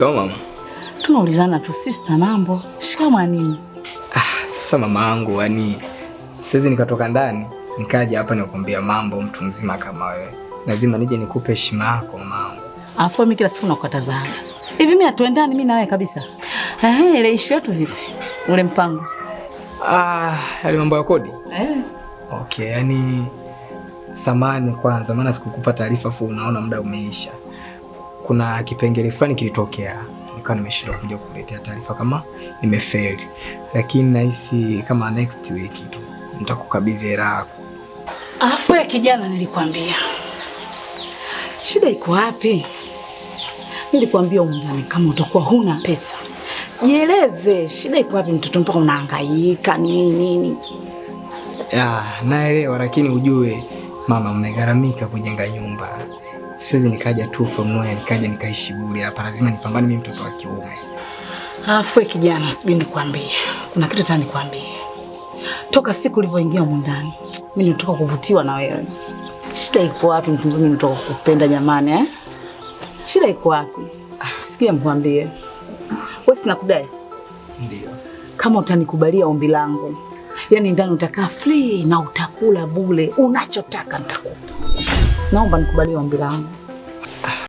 Sawa mama. Tunaulizana tu sister mambo. Shikama nini? Ah, sasa mama yangu yani siwezi nikatoka ndani nikaja hapa nikuambia mambo mtu mzima kama wewe. Lazima nije nikupe heshima yako mama. Afu mimi kila siku nakukatazaga. Hivi mimi hatuendani mimi na wewe kabisa. Eh, ile issue yetu vipi? Ule mpango. Ah, yale mambo ya kodi. Eh. Okay, yani samani kwanza maana sikukupa taarifa fu unaona muda umeisha kuna kipengele fulani kilitokea, nikawa nimeshindwa kuja kuletea taarifa kama nimefeli, lakini nahisi kama next week tu nitakukabidhi hela yako. Afu ya kijana, nilikwambia shida iko wapi? Nilikwambia umdani kama utakuwa huna pesa jieleze, shida iko wapi mtoto, mpaka unahangaika nini nini? Ah, naelewa, lakini ujue mama, mnagharamika kujenga nyumba siwezi nikaja tu from nowhere nikaja nikaishi bure hapa, lazima nipambane mimi mtoto wa kiume. Afu kijana, sibi nikwambie, kuna kitu tena nikwambie. Toka siku ulivyoingia humu ndani, mimi nilitoka kuvutiwa na wewe. Shida iko wapi mtu mzuri nilitoka kukupenda jamani eh? Shida iko wapi? Ah, sikia mkwambie. Wewe sina kudai. Ndio. Kama utanikubalia ombi langu, yaani ndani utakaa free na utakula bure, unachotaka nitakupa. Naomba nikubalie ombi langu.